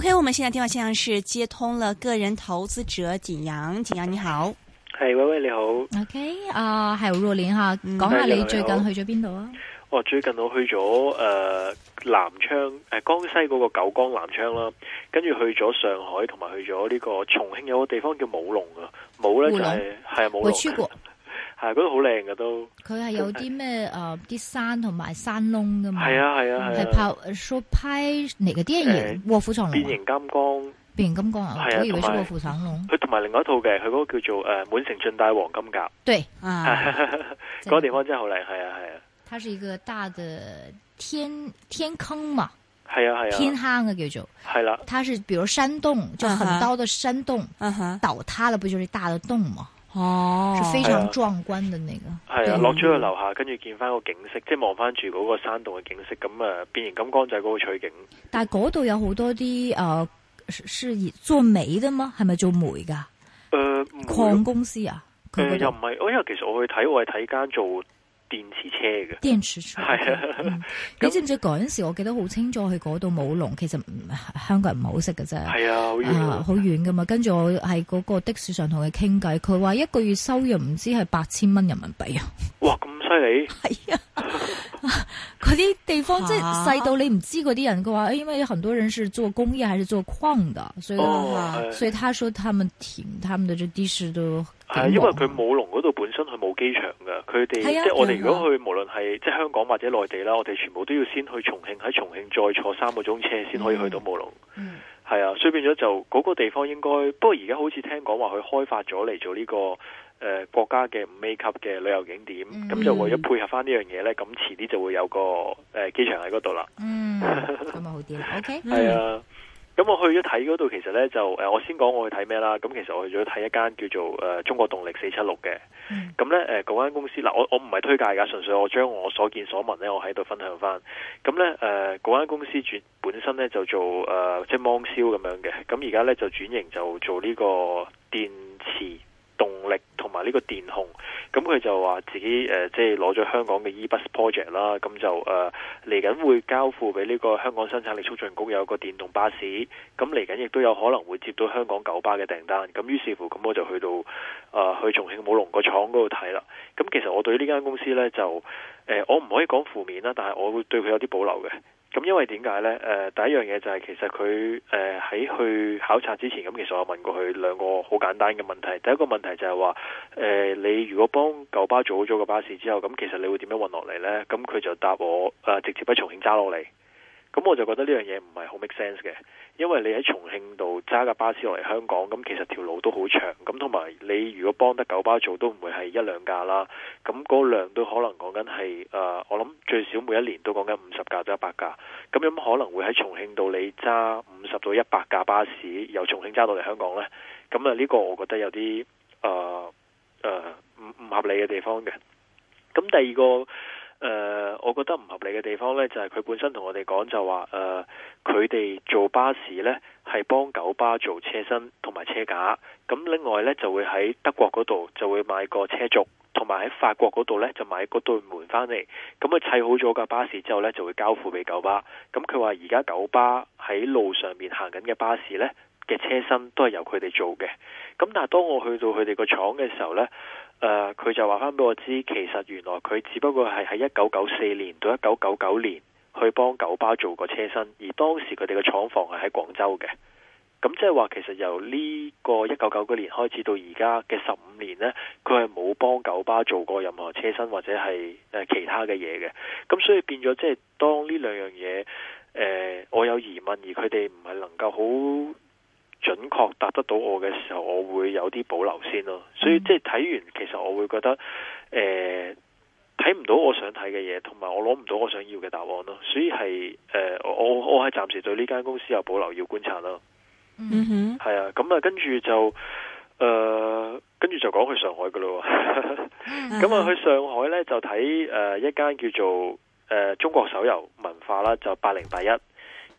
O、okay, K，我哋現在電話線上是接通了個人投資者景羊，景羊你好，係、hey, 喂喂你好。O K，啊，還有若琳哈，講下你最近去咗邊度啊？哦、嗯，最近我去咗誒、呃、南昌誒、呃、江西嗰個九江南昌啦，跟住去咗上海，同埋去咗呢個重慶有個地方叫武隆龍、就是、啊。武咧就係係武隆。我去過。係嗰度好靚噶都，佢係有啲咩誒啲山同埋山窿噶嘛？係啊係啊係。係拍所拍嚟嘅電影卧虎藏龍。變形金剛。變形金剛啊，我以為係卧虎藏龍。佢同埋另外一套嘅，佢嗰個叫做誒滿城盡帶黃金甲。對，嗰個地方真係好靚，係啊係啊。它是一個大嘅天天坑嘛？係啊係啊，天坑嘅叫做。係啦，它是比如山洞就很高嘅山洞，倒塌了不就是大的洞嘛？哦，啊、是非常壯觀的那個。係落咗去樓下，跟住見翻個景色，即係望翻住嗰個山洞嘅景色。咁啊、呃，變形金剛就係嗰個取景。但係嗰度有好多啲誒，事、呃、業做、做煤嘅嘛，係咪做煤噶？誒，礦公司啊？佢、呃呃、又唔係？因為其實我去睇，我係睇間做。電池車嘅，電池車係啊！你知唔知嗰陣 時我記得好清楚，去嗰度冇龍，其實唔，香港人唔係好識㗎啫。係啊，好、呃、遠啊，噶嘛！跟住我喺嗰個的士上同佢傾偈，佢話一個月收入唔知係八千蚊人民幣 是啊！哇，咁犀利！係啊。佢啲地方、啊、即係細到你唔知嗰啲人嘅話，因為很多人是做工業還是做礦的，所以所以他說他們停、啊、他們的啲地勢都係，因為佢武隆嗰度本身佢冇機場嘅，佢哋、啊、即係我哋如果去無論係即係香港或者內地啦，我哋全部都要先去重慶，喺重慶再坐三個鐘車先可以去到武隆。嗯，係啊，所以變咗就嗰、那個地方應該，不過而家好似聽講話佢開發咗嚟，做呢、這個。誒、呃，國家嘅五 A 級嘅旅遊景點，咁、嗯、就為咗配合翻呢樣嘢咧，咁遲啲就會有個誒機、呃、場喺嗰度啦。嗯，咁啊好啲啦。OK，係啊，咁我去咗睇嗰度，其實呢，就誒、呃，我先講我去睇咩啦。咁其實我去咗睇一間叫做誒、呃、中國動力四七六嘅。咁、嗯、呢，誒、呃，嗰間公司嗱、呃，我我唔係推介噶，純粹我將我所見所聞呢，我喺度分享翻。咁呢，誒、呃，嗰間公司轉本身、呃、呢，就做誒即係網銷咁樣嘅，咁而家呢，就轉型就做呢個電池。動力同埋呢個電控，咁佢就話自己誒，即係攞咗香港嘅 eBus project 啦，咁就誒嚟緊會交付俾呢個香港生產力促進局有個電動巴士，咁嚟緊亦都有可能會接到香港九巴嘅訂單，咁於是乎咁我就去到誒、呃、去重慶武隆個廠嗰度睇啦，咁其實我對呢間公司呢，就誒、呃，我唔可以講負面啦，但係我會對佢有啲保留嘅。咁因為點解咧？誒、呃，第一樣嘢就係其實佢誒喺去考察之前，咁其實我問過佢兩個好簡單嘅問題。第一個問題就係話，誒、呃，你如果幫九巴做好咗個巴士之後，咁其實你會點樣運落嚟咧？咁佢就答我，誒、呃，直接喺重慶揸落嚟。咁我就覺得呢樣嘢唔係好 make sense 嘅，因為你喺重慶度揸架巴士落嚟香港，咁其實條路都好長，咁同埋你如果幫得九巴做，都唔會係一兩架啦，咁個量都可能講緊係誒，我諗最少每一年都講緊五十架到一百架，咁有冇可能會喺重慶度你揸五十到一百架巴士由重慶揸到嚟香港呢？咁啊呢個我覺得有啲誒誒唔唔合理嘅地方嘅。咁第二個。誒、呃，我覺得唔合理嘅地方呢，就係、是、佢本身同我哋講就話，誒、呃，佢哋做巴士呢，係幫九巴做車身同埋車架。咁另外呢，就會喺德國嗰度就會買個車軸，同埋喺法國嗰度呢，就買嗰對門翻嚟。咁啊砌好咗架巴士之後呢，就會交付俾九巴。咁佢話而家九巴喺路上面行緊嘅巴士呢，嘅車身都係由佢哋做嘅。咁但係當我去到佢哋個廠嘅時候呢。誒，佢、呃、就話翻俾我知，其實原來佢只不過係喺一九九四年到一九九九年去幫九巴做過車身，而當時佢哋嘅廠房係喺廣州嘅。咁即係話，其實由呢個一九九幾年開始到而家嘅十五年呢，佢係冇幫九巴做過任何車身或者係誒其他嘅嘢嘅。咁所以變咗，即係當呢兩樣嘢，誒、呃，我有疑問，而佢哋唔係能夠好。準確答得到我嘅時候，我會有啲保留先咯。所以、mm hmm. 即係睇完，其實我會覺得誒睇唔到我想睇嘅嘢，同埋我攞唔到我想要嘅答案咯。所以係誒、呃、我我係暫時對呢間公司有保留要觀察咯。嗯哼、mm，係啊。咁啊，跟住就誒、呃、跟住就講去上海噶咯。咁啊，去上海呢，就睇誒、呃、一間叫做誒、呃、中國手遊文化啦，就八零第一。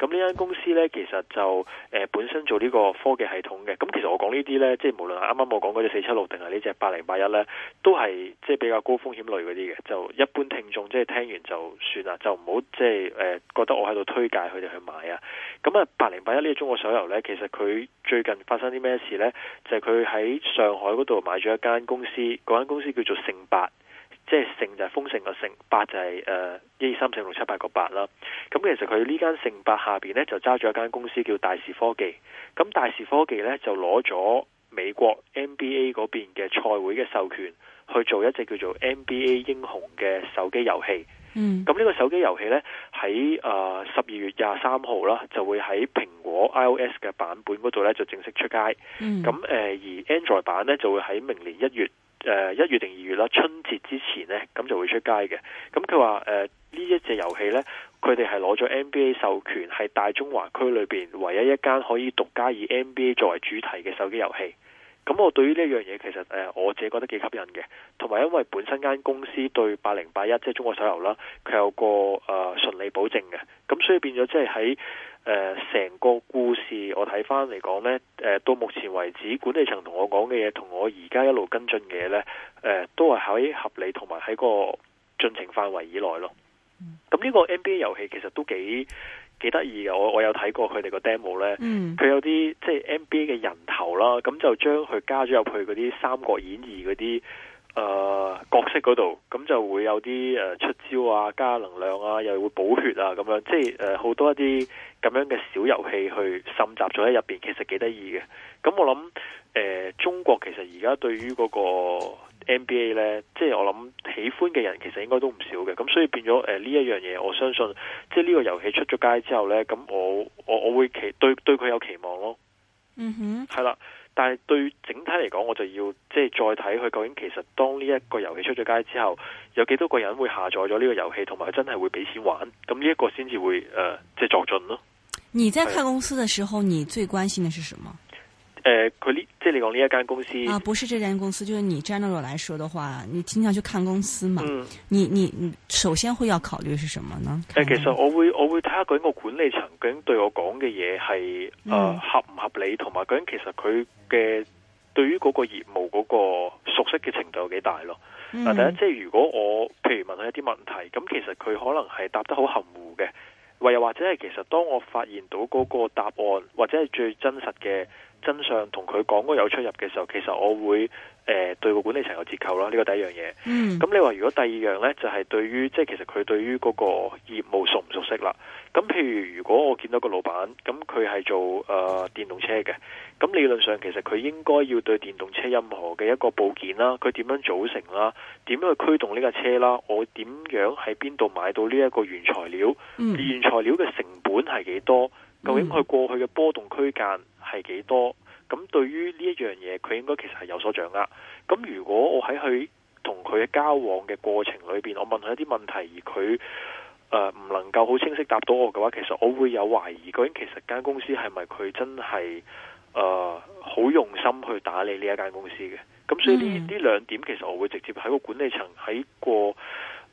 咁呢間公司呢，其實就誒、呃、本身做呢個科技系統嘅。咁、嗯、其實我講呢啲呢，即係無論啱啱我講嗰隻四七六定係呢隻八零八一呢，都係即係比較高風險類嗰啲嘅。就一般聽眾即係聽完就算啦，就唔好即係誒、呃、覺得我喺度推介佢哋去買啊。咁啊，八零八一呢隻中國手遊呢，其實佢最近發生啲咩事呢？就係佢喺上海嗰度買咗一間公司，嗰間公司叫做聖八。即係盛」就係豐盛個盛」八就係誒一二三四六七八個八啦，咁、嗯嗯、其實佢呢間盛八下邊咧就揸咗一間公司叫大時科技，咁大時科技咧就攞咗美國 NBA 嗰邊嘅賽會嘅授權去做一隻叫做 NBA 英雄嘅手機遊戲，咁呢個手機遊戲咧喺誒十二月廿三號啦就會喺蘋果 iOS 嘅版本嗰度咧就正式出街，咁誒而 Android 版咧就會喺明年一月。嗯嗯嗯嗯嗯誒，一、呃、月定二月啦，春節之前呢，咁就會出街嘅。咁佢話誒呢一隻遊戲呢，佢哋係攞咗 NBA 授權，係大中華區裏邊唯一一間可以獨家以 NBA 作為主題嘅手機遊戲。咁、嗯、我對於呢樣嘢其實誒、呃，我自己覺得幾吸引嘅，同埋因為本身間公司對八零八一即係中國手遊啦，佢有個誒順、呃、利保證嘅，咁、嗯、所以變咗即係喺。誒，成、呃、個故事我睇翻嚟講呢，誒、呃，到目前為止管理層同我講嘅嘢，同我而家一路跟進嘅嘢呢，誒、呃，都係喺合理同埋喺個進程範圍以內咯。咁呢個 NBA 遊戲其實都幾幾得意嘅，我我有睇過佢哋個 demo 呢，佢、嗯、有啲即係 NBA 嘅人頭啦，咁就將佢加咗入去嗰啲三國演義嗰啲。誒、呃，角色嗰度咁就會有啲誒、呃、出招啊，加能量啊，又會補血啊，咁樣即係誒好多一啲咁樣嘅小遊戲去滲集咗喺入邊，其實幾得意嘅。咁、嗯、我諗誒、呃，中國其實而家對於嗰個 NBA 呢，即係我諗喜歡嘅人其實應該都唔少嘅。咁、嗯、所以變咗誒呢一樣嘢，我相信即係呢個遊戲出咗街之後呢，咁、嗯、我我我會期對對佢有期望咯。嗯哼、mm，係、hmm. 啦。但係對整體嚟講，我就要即係再睇佢究竟其實當呢一個遊戲出咗街之後，有幾多個人會下載咗呢個遊戲，同埋佢真係會俾錢玩，咁呢一個先至會誒、呃、即係作準咯。你在看公司的時候，的你最關心的是什麼？誒，佢呢、呃，即係你講呢一間公司啊，不是這家公司，就是你 general 來說的話，你經常去看公司嘛？嗯、你你，你首先會要考慮是什麼呢？誒、呃，其實我會我會睇下嗰個管理層究竟對我講嘅嘢係誒合唔合理，同埋究竟其實佢嘅對於嗰個業務嗰個熟悉嘅程度有幾大咯？嗱，第一即係、就是、如果我譬如問佢一啲問題，咁其實佢可能係答得好含糊嘅，或又或者係其實當我發現到嗰個答案或者係最真實嘅。真相同佢講，嗰有出入嘅時候，其實我會誒、呃、對個管理層有折扣啦。呢、這個第一樣嘢。咁、嗯、你話如果第二樣咧，就係、是、對於即係其實佢對於嗰個業務熟唔熟悉啦。咁譬如如果我見到個老闆咁，佢係做誒、呃、電動車嘅，咁理論上其實佢應該要對電動車任何嘅一個部件啦，佢點樣組成啦，點樣去驅動呢架車啦，我點樣喺邊度買到呢一個原材料？嗯、原材料嘅成本係幾多？嗯、究竟佢過去嘅波動區間係幾多？咁對於呢一樣嘢，佢應該其實係有所掌握。咁如果我喺佢同佢嘅交往嘅過程裏邊，我問佢一啲問題，而佢呃、唔能夠好清晰答到我嘅話，其實我會有懷疑。究竟其實間公司係咪佢真係誒好用心去打理呢一間公司嘅？咁所以呢呢兩點，其實我會直接喺個管理層喺過。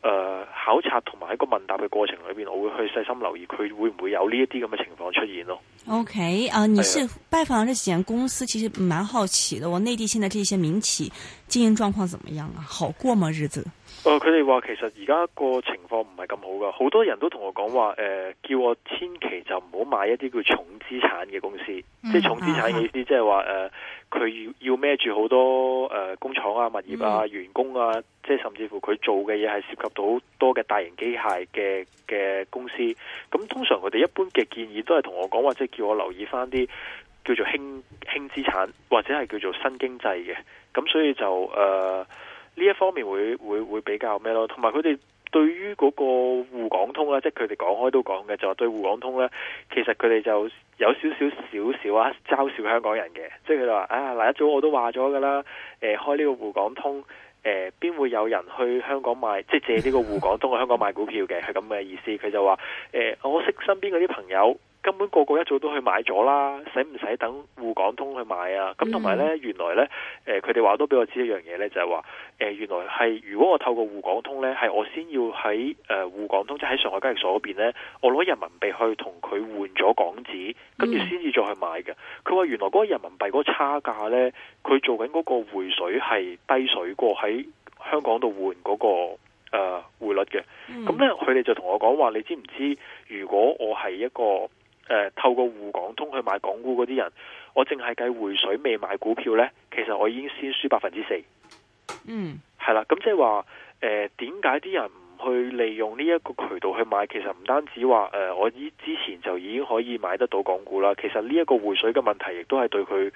誒，uh, 考察同埋一個問答嘅過程裏邊，我會去細心留意佢會唔會有呢一啲咁嘅情況出現咯。OK，啊、uh,，你是拜訪這幾間公司，其實蠻好奇的。我內地現在這些民企經營狀況怎麼樣啊？好過嗎？日子？哦，佢哋話其實而家個情況唔係咁好噶。好多人都同我講話，誒、呃，叫我千祈就唔好買一啲叫重資產嘅公司，即係重資產意思，即係話誒，佢要要孭住好多誒、呃、工廠啊、物業啊、員工啊，即係甚至乎佢做嘅嘢係涉及到好多嘅大型機械嘅嘅公司。咁通常佢哋一般嘅建議都係同我講話，即叫我留意翻啲叫做輕輕資產或者係叫做新經濟嘅。咁所以就誒。呃呢一方面會會會比較咩咯？同埋佢哋對於嗰個滬港通咧，即係佢哋講開都講嘅，就話、是、對滬港通咧，其實佢哋就有少少少少少啊，嘲笑香港人嘅。即係佢哋話啊，嗱一早我都話咗噶啦，誒、呃、開呢個滬港通，誒、呃、邊會有人去香港買，即係借呢個滬港通去香港買股票嘅，係咁嘅意思。佢就話誒、呃，我識身邊嗰啲朋友。根本個個一早都去買咗啦，使唔使等滬港通去買啊？咁同埋咧，原來咧，誒佢哋話都俾我知一樣嘢咧，就係話誒原來係如果我透過滬港通咧，係我先要喺誒滬港通，即喺上海交易所嗰邊咧，我攞人民幣去同佢換咗港紙，跟住先至再去買嘅。佢話、嗯、原來嗰人民幣嗰差價咧，佢做緊嗰個匯水係低水過喺香港度換嗰、嗰個誒匯、呃、率嘅。咁咧，佢哋就同我講話，你知唔知如果我係一個？透過滬港通去買港股嗰啲人，我淨係計回水未買股票呢。其實我已經先輸百分之四。嗯，係啦，咁即係話誒點解啲人去利用呢一個渠道去買，其實唔單止話誒、呃,我依之前就已經可以買得到港股啦。其實呢一個匯水嘅問題，亦都係對佢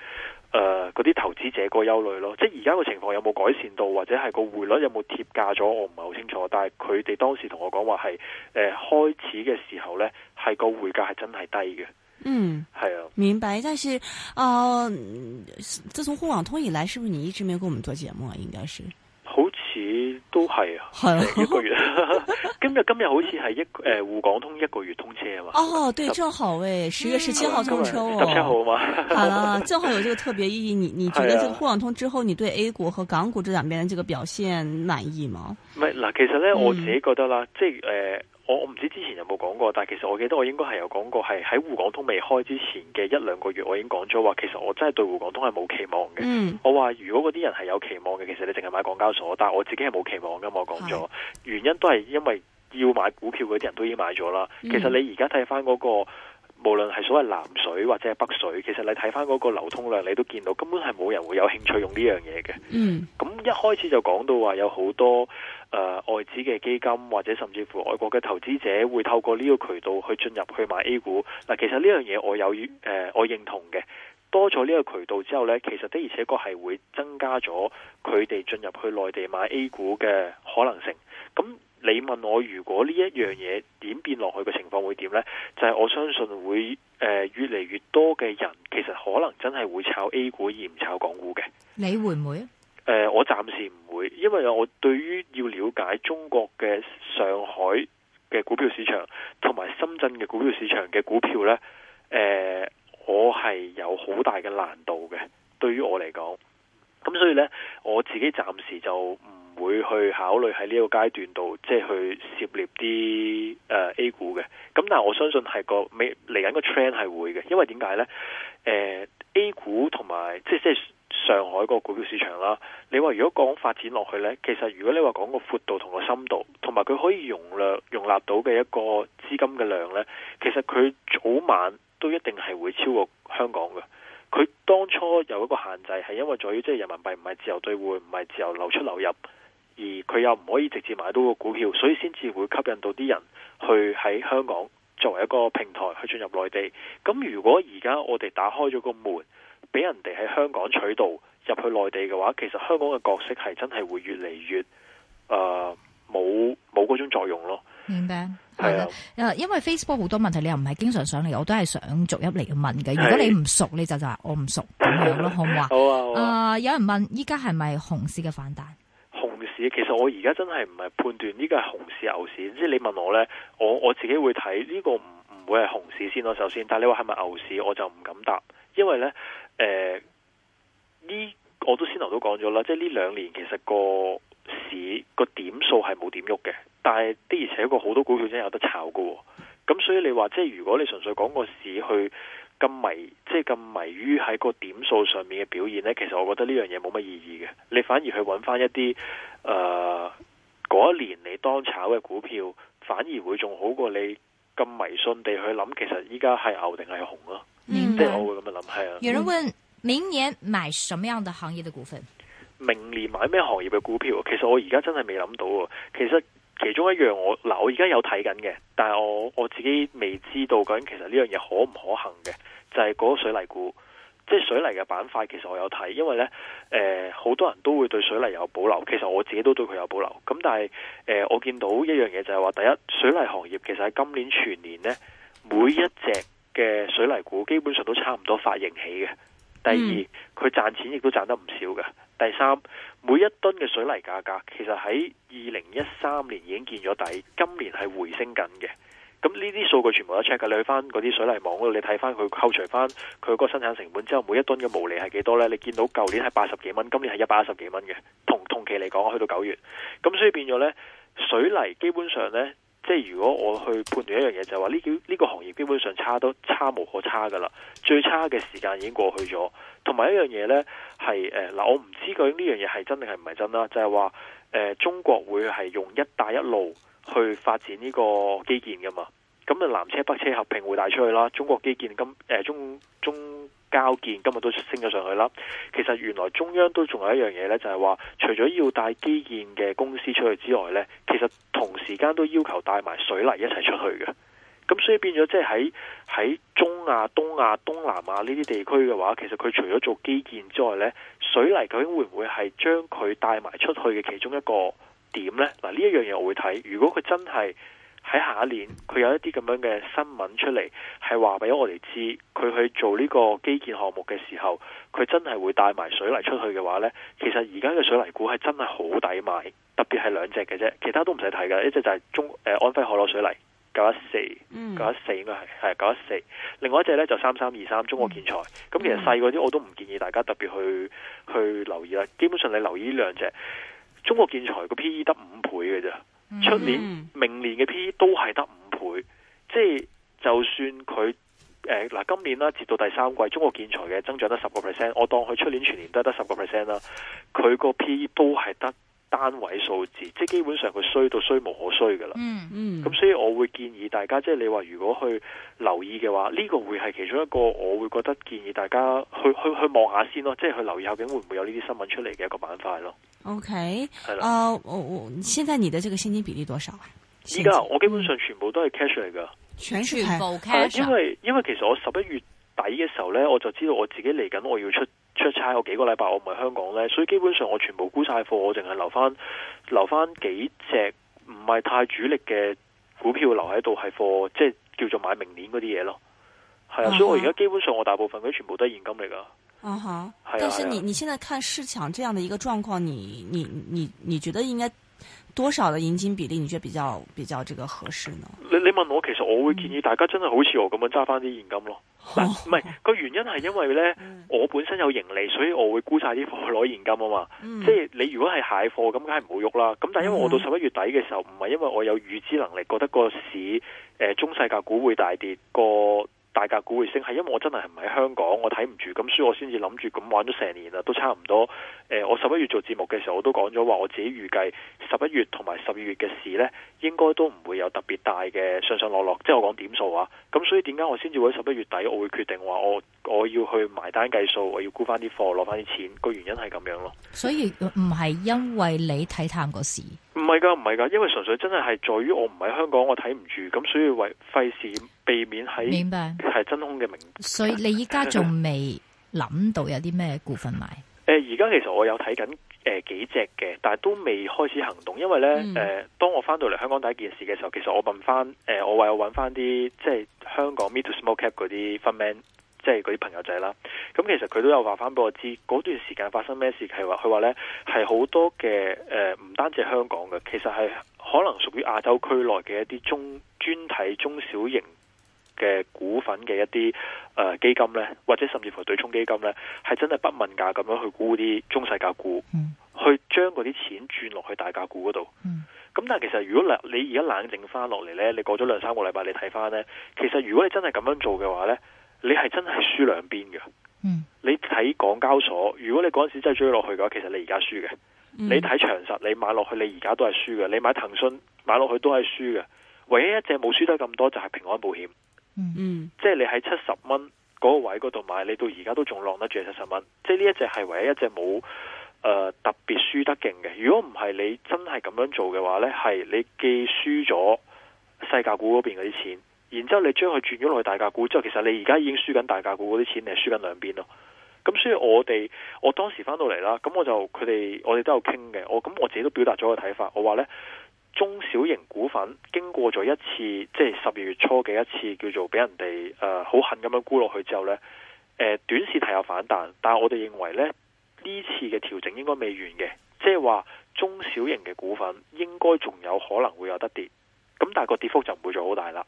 誒嗰啲投資者個憂慮咯。即係而家個情況有冇改善到，或者係個匯率有冇貼價咗？我唔係好清楚。但係佢哋當時同我講話係誒，開始嘅時候呢，係個匯價係真係低嘅。嗯，係啊，明白。但係誒、呃，自從滬港通以來，是不是你一直沒有跟我們做節目？啊？應該是。好似都係啊，係啊， 一個月。 今日今日好似係一誒滬港通一個月通車啊嘛。 哦，對，正好喂，十月十七號通車哦。十七號嘛、嗯，好啦、哦， 正好有這個特別意義。你你覺得這個滬港通之後，你對 A 股和港股這兩邊的這個表現滿意嗎？唔係嗱，其實咧我自己覺得啦，即係誒。呃我我唔知之前有冇講過，但係其實我記得我應該係有講過，係喺滬港通未開之前嘅一兩個月，我已經講咗話，其實我真係對滬港通係冇期望嘅。我話如果嗰啲人係有期望嘅，嗯，其實你淨係買港交所，但係我自己係冇期望噶。我講咗，是 原因都係因為要買股票嗰啲人都已經買咗啦。嗯，其實你而家睇返嗰個。無論係所謂南水或者北水，其實你睇翻嗰個流通量，你都見到根本係冇人會有興趣用呢樣嘢嘅。嗯，咁一開始就講到話有好多誒、呃、外資嘅基金或者甚至乎外國嘅投資者會透過呢個渠道去進入去買 A 股。嗱、呃，其實呢樣嘢我有誒、呃、我認同嘅。多咗呢個渠道之後呢，其實的而且確係會增加咗佢哋進入去內地買 A 股嘅可能性。咁、嗯。你問我，如果呢一樣嘢演變落去嘅情況會點呢？就係、是、我相信會誒、呃、越嚟越多嘅人其實可能真係會炒 A 股而唔炒港股嘅。你會唔會、呃？我暫時唔會，因為我對於要了解中國嘅上海嘅股票市場同埋深圳嘅股票市場嘅股票呢，呃、我係有好大嘅難度嘅。對於我嚟講，咁所以呢，我自己暫時就唔會去考慮喺呢個階段度。即係去涉獵啲誒 A 股嘅，咁但係我相信係個未嚟緊個 trend 係會嘅，因為點解呢誒、呃、A 股同埋即係即係上海個股票市場啦。你話如果講發展落去呢，其實如果你話講個闊度同個深度，同埋佢可以容量容納到嘅一個資金嘅量呢，其實佢早晚都一定係會超過香港嘅。佢當初有一個限制，係因為在於即係人民幣唔係自由兌換，唔係自由流出流入。佢又唔可以直接買到個股票，所以先至會吸引到啲人去喺香港作為一個平台去進入內地。咁如果而家我哋打開咗個門，俾人哋喺香港取道入去內地嘅話，其實香港嘅角色係真係會越嚟越誒冇冇嗰種作用咯。明白、嗯、因為 Facebook 好多問題，你又唔係經常上嚟，我都係想逐一嚟問嘅。如果你唔熟，的你就我 就話我唔熟咁樣咯，好唔好啊？好啊、呃，有人問：依家係咪熊市嘅反彈？其實我而家真係唔係判斷呢個係熊市牛市，即係你問我呢，我我自己會睇呢個唔唔會係熊市先咯、啊。首先，但係你話係咪牛市，我就唔敢答，因為咧，誒、呃，呢我都先頭都講咗啦，即係呢兩年其實個市個點數係冇點喐嘅，但係的而且確好多股票真有得炒噶，咁所以你話即係如果你純粹講個市去。咁迷，即係咁迷於喺個點數上面嘅表現呢？其實我覺得呢樣嘢冇乜意義嘅。你反而去揾翻一啲誒，嗰、呃、一年你當炒嘅股票，反而會仲好過你咁迷信地去諗，其實依家係牛定係熊咯。即係、嗯、我會咁樣諗，係啊、嗯。有人問：明年買什麼樣的行業嘅股份？明年買咩行業嘅股票？其實我而家真係未諗到。其實。其中一樣我嗱，我而家有睇緊嘅，但係我我自己未知道究竟其實呢樣嘢可唔可行嘅，就係嗰個水泥股，即係水泥嘅板塊。其實我有睇，因為呢，誒、呃，好多人都會對水泥有保留，其實我自己都對佢有保留。咁但係，誒、呃，我見到一樣嘢就係話，第一，水泥行業其實喺今年全年呢，每一隻嘅水泥股基本上都差唔多發型起嘅。嗯、第二，佢賺錢亦都賺得唔少嘅。第三，每一噸嘅水泥價格其實喺二零一三年已經見咗底，今年係回升緊嘅。咁呢啲數據全部都 check 嘅，你去翻嗰啲水泥網度，你睇翻佢扣除翻佢嗰個生產成本之後，每一噸嘅毛利係幾多呢？你見到舊年係八十幾蚊，今年係一百二十幾蚊嘅，同同期嚟講去到九月，咁所以變咗呢水泥基本上呢。即係如果我去判斷一樣嘢，就係話呢個呢個行業基本上差都差無可差噶啦，最差嘅時間已經過去咗。同埋一樣嘢呢係誒嗱，我唔知究竟呢樣嘢係真定係唔係真啦，就係話誒中國會係用一帶一路去發展呢個基建噶嘛？咁啊南車北車合併會帶出去啦，中國基建咁誒中中。中交建今日都升咗上去啦。其實原來中央都仲有一樣嘢咧，就係話除咗要帶基建嘅公司出去之外咧，其實同時間都要求帶埋水泥一齊出去嘅。咁所以變咗即係喺喺中亞、東亞、東南亞呢啲地區嘅話，其實佢除咗做基建之外咧，水泥究竟會唔會係將佢帶埋出去嘅其中一個點咧？嗱，呢一樣嘢我會睇，如果佢真係。喺下一年，佢有一啲咁樣嘅新聞出嚟，係話俾我哋知，佢去做呢個基建項目嘅時候，佢真係會帶埋水泥出去嘅話呢其實而家嘅水泥股係真係好抵買，特別係兩隻嘅啫，其他都唔使睇嘅，一隻就係中誒、呃、安徽海螺水泥，九一四，九一四應該係係九一四，14, 另外一隻呢就三三二三中國建材，咁、mm. 其實細嗰啲我都唔建議大家特別去去留意啦，基本上你留意呢兩隻中國建材個 P E 得五倍嘅啫。出年、明年嘅 P/E 都係得五倍，即係就算佢誒嗱，今年啦，至到第三季，中國建材嘅增長得十個 percent，我當佢出年全年都係得十個 percent 啦，佢個 P/E 都係得。單位數字，即係基本上佢衰到衰無可衰噶啦、嗯。嗯嗯。咁所以我會建議大家，即係你話如果去留意嘅話，呢、這個會係其中一個我會覺得建議大家去去去望下先咯，即係去留意究竟會唔會有呢啲新聞出嚟嘅一個板塊咯。OK。係啦。哦，現在你的這個現金比例多少啊？依家我基本上全部都係 cash 嚟噶，全部 cash、呃。因為因為其實我十一月底嘅時候咧，我就知道我自己嚟緊我要出。出差，我幾個禮拜我唔喺香港呢，所以基本上我全部沽晒貨，我淨係留翻留翻幾隻唔係太主力嘅股票留喺度，係貨即係叫做買明年嗰啲嘢咯。係啊，uh huh. 所以我而家基本上我大部分嗰啲全部都係現金嚟噶。Uh huh. 係啊，但是你是，啊、你現在看市場這樣的一個狀況，你你你你，你覺得應該？多少嘅盈金比例你覺得比較比較這個合適呢？你你問我，其實我會建議大家真係好似我咁樣揸翻啲現金咯，唔係、嗯、個原因係因為呢，嗯、我本身有盈利，所以我會沽晒啲貨去攞現金啊嘛。嗯、即係你如果係蟹貨咁，梗係唔好喐啦。咁但係因為我到十一月底嘅時候，唔係、嗯、因為我有預知能力，覺得個市誒、呃、中世價股會大跌個。大價股會升，係因為我真係唔喺香港，我睇唔住，咁所以我先至諗住咁玩咗成年啦，都差唔多。誒，我十一月做節目嘅時候，我都講咗話，我自己預計十一月同埋十二月嘅市呢，應該都唔會有特別大嘅上上落落，即係我講點數啊。咁所以點解我先至會喺十一月底我會決定話我我要去埋單計數，我要沽翻啲貨攞翻啲錢？個原因係咁樣咯。所以唔係因為你睇淡個市。唔係噶，唔係噶，因為純粹真係係在於我唔喺香港，我睇唔住，咁所以為費事避免喺，明白，係真空嘅名。所以你依家仲未諗到有啲咩股份買？誒，而家其實我有睇緊誒幾隻嘅，但係都未開始行動，因為咧誒，嗯、當我翻到嚟香港第一件事嘅時候，其實我問翻誒，我話我揾翻啲即係香港 mid to small cap 嗰啲 fund man。即係嗰啲朋友仔啦，咁其實佢都有話翻俾我知嗰段時間發生咩事，係話佢話呢係好多嘅誒，唔、呃、單止係香港嘅，其實係可能屬於亞洲區內嘅一啲中專睇中小型嘅股份嘅一啲誒、呃、基金呢，或者甚至乎對沖基金呢，係真係不問價咁樣去沽啲中細價股，嗯、去將嗰啲錢轉落去大價股嗰度。咁、嗯、但係其實如果你而家冷靜翻落嚟呢，你過咗兩三個禮拜，你睇翻呢，其實如果你真係咁樣做嘅話呢。你係真係輸兩邊嘅。嗯。你睇港交所，如果你嗰陣時真係追落去嘅話，其實你而家輸嘅。嗯。你睇長實，你買落去，你而家都係輸嘅。你買騰訊買落去都係輸嘅。唯一一隻冇輸得咁多就係平安保險。嗯嗯。即係你喺七十蚊嗰個位嗰度買，你到而家都仲攞得住七十蚊。即係呢一隻係唯一一隻冇誒特別輸得勁嘅。如果唔係你真係咁樣做嘅話咧，係你既輸咗世界股嗰邊嗰啲錢。然之後你將佢轉咗落去大價股之後，其實你而家已經輸緊大價股嗰啲錢，你係輸緊兩邊咯。咁所以我哋，我當時返到嚟啦，咁我就佢哋，我哋都有傾嘅。我咁我自己都表達咗個睇法，我話呢，中小型股份經過咗一次，即係十二月初嘅一次，叫做俾人哋誒好狠咁樣沽落去之後呢，誒、呃、短勢係有反彈，但係我哋認為呢，呢次嘅調整應該未完嘅，即係話中小型嘅股份應該仲有可能會有得跌，咁但係個跌幅就唔會做好大啦。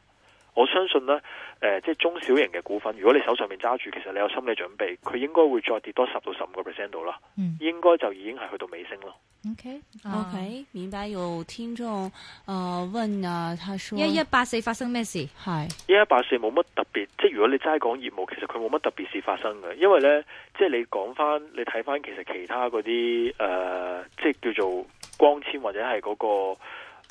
我相信呢，誒、呃，即係中小型嘅股份，如果你手上面揸住，其實你有心理準備，佢應該會再跌多十到十五個 percent 度啦。嗯，應該就已經係去到尾聲咯。OK，OK，uh, 明白有聽眾誒、呃、問啊，他說：一一八四發生咩事？係一一八四冇乜特別，即係如果你齋講業務，其實佢冇乜特別事發生嘅。因為呢，即係你講翻，你睇翻，其實其他嗰啲誒，即係叫做光纖或者係嗰個。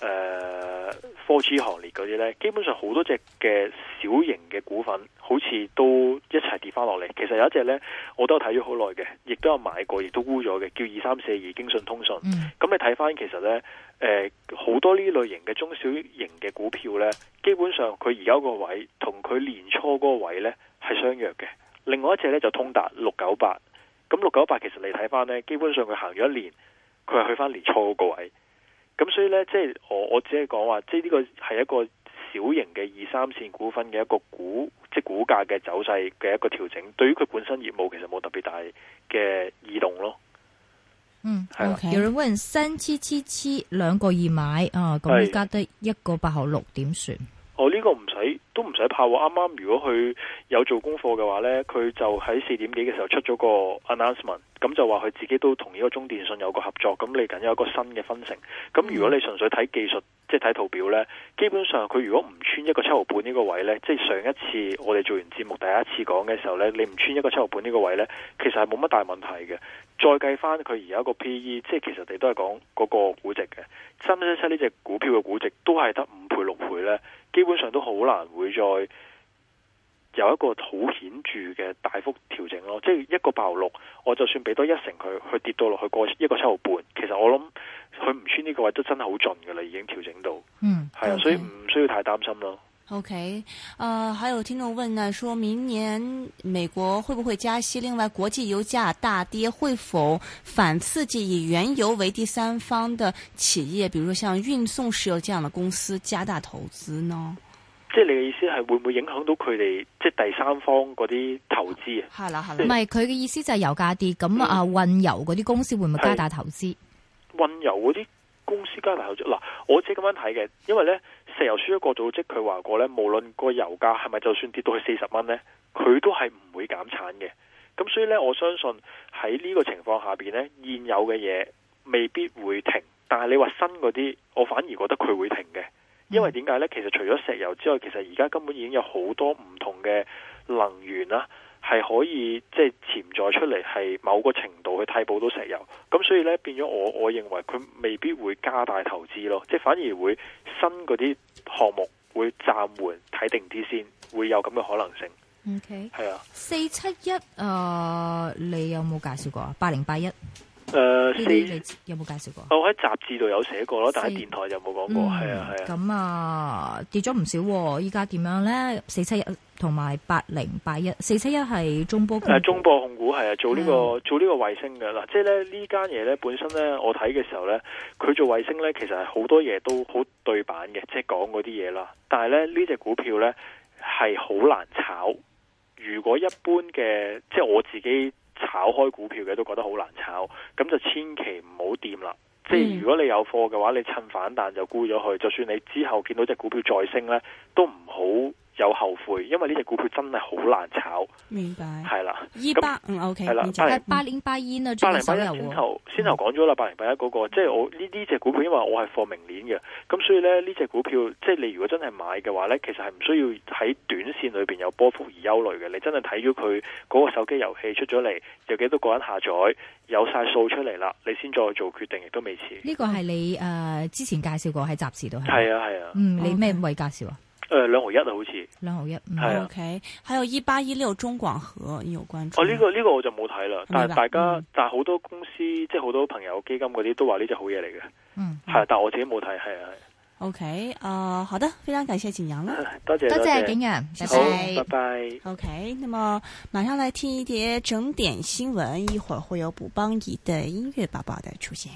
誒，科技、uh, 行列嗰啲呢，基本上好多隻嘅小型嘅股份，好似都一齊跌翻落嚟。其實有一隻呢，我都睇咗好耐嘅，亦都有買過，亦都烏咗嘅，叫二三四二京信通信。咁、嗯、你睇翻其實呢，誒、呃，好多呢類型嘅中小型嘅股票呢，基本上佢而家個位同佢年初嗰個位呢係相約嘅。另外一隻呢，就通達六九八，咁六九八其實你睇翻呢，基本上佢行咗一年，佢係去翻年初嗰個位。咁所以咧，即係我我只係講話，即係呢個係一個小型嘅二三線股份嘅一個股，即係股價嘅走勢嘅一個調整。對於佢本身業務，其實冇特別大嘅異動咯。嗯，係啦、啊。有人問 Okay. 三七七七兩個二買啊，咁而家得一個八號六點算。哦，呢個唔使。都唔使怕喎，啱啱如果佢有做功課嘅話呢，佢就喺四點幾嘅時候出咗個 announcement，咁就話佢自己都同呢個中電信有個合作，咁嚟緊有一個新嘅分成。咁如果你純粹睇技術。即係睇圖表呢，基本上佢如果唔穿一個七毫半呢個位呢，即係上一次我哋做完節目第一次講嘅時候呢，你唔穿一個七毫半呢個位呢，其實係冇乜大問題嘅。再計翻佢而家個 PE，即係其實你都係講嗰個估值嘅。三七七呢隻股票嘅估值都係得五倍六倍呢，基本上都好難會再。有一個好顯著嘅大幅調整咯，即係一個八毫六，我就算俾多一成佢，佢跌到落去過一個七毫半，其實我諗佢唔穿呢個位都真係好盡㗎啦，已經調整到，嗯，係啊是，okay. 所以唔需要太擔心咯。OK，啊、呃，還有聽眾問呢、啊，說明年美國會不會加息？另外，國際油價大跌會否反刺激以原油為第三方的企業，比如像運送石油這樣的公司加大投資呢？即係你嘅意思係會唔會影響到佢哋即係第三方嗰啲投資啊？係啦，係啦。唔係佢嘅意思就係油價跌，咁啊運、嗯、油嗰啲公司會唔會加大投資？運油嗰啲公司加大投資嗱、啊，我自己咁樣睇嘅，因為呢，石油輸出國組織佢話過呢，無論個油價係咪就算跌到去四十蚊呢，佢都係唔會減產嘅。咁所以呢，我相信喺呢個情況下邊呢，現有嘅嘢未必會停，但係你話新嗰啲，我反而覺得佢會停嘅。因為點解呢？其實除咗石油之外，其實而家根本已經有好多唔同嘅能源啦、啊，係可以即係潛在出嚟，係某個程度去替補到石油。咁所以呢，變咗我我認為佢未必會加大投資咯，即係反而會新嗰啲項目會暫緩睇定啲先，會有咁嘅可能性。OK，係啊，四七一誒，你有冇介紹過啊？八零八一。誒，呃、4, 呢啲你有冇介紹過？我喺、哦、雜誌度有寫過咯，4? 但係電台有冇講過，係、嗯、啊，係、嗯、啊。咁啊，跌咗唔少、啊，依家點樣咧？四七一同埋八零八一，四七一係中波控股，中波控股係啊，做呢、這個做呢個衛星嘅嗱，即係咧呢間嘢咧本身咧，我睇嘅時候咧，佢做衛星咧，其實係好多嘢都好對版嘅，即係講嗰啲嘢啦。但係咧呢隻、這個、股票咧係好難炒，如果一般嘅，即、就、係、是、我自己。炒開股票嘅都覺得好難炒，咁就千祈唔好掂啦。即係、嗯、如果你有貨嘅話，你趁反彈就沽咗佢。就算你之後見到隻股票再升呢，都唔好。有後悔，因為呢隻股票真係好難炒。明白，係啦，二百嗯 OK，係啦，八零八二呢？八頭，先頭講咗啦，八零八一嗰個，即係我呢呢隻股票，因為我係放明年嘅，咁所以咧呢隻股票，即係你如果真係買嘅話咧，其實係唔需要喺短線裏邊有波幅而憂慮嘅。你真係睇咗佢嗰個手機遊戲出咗嚟，有幾多個人下載，有晒數出嚟啦，你先再做決定，亦都未遲。呢個係你誒之前介紹過喺雜誌都係啊，係啊，嗯，你咩位介紹啊？誒，兩毫一啊，好似兩毫一，係 OK。還有一八一六中廣核，有關注？哦，呢個呢個我就冇睇啦，但係大家，但係好多公司，即係好多朋友基金嗰啲都話呢隻好嘢嚟嘅。嗯，係，但係我自己冇睇，係啊，係。OK，啊，好的，非常感謝景羊啦，多謝多謝景羊，拜拜拜拜。OK，那麼馬上來聽一碟整點新聞，一會兒會有卜邦儀的音樂寶寶的出現。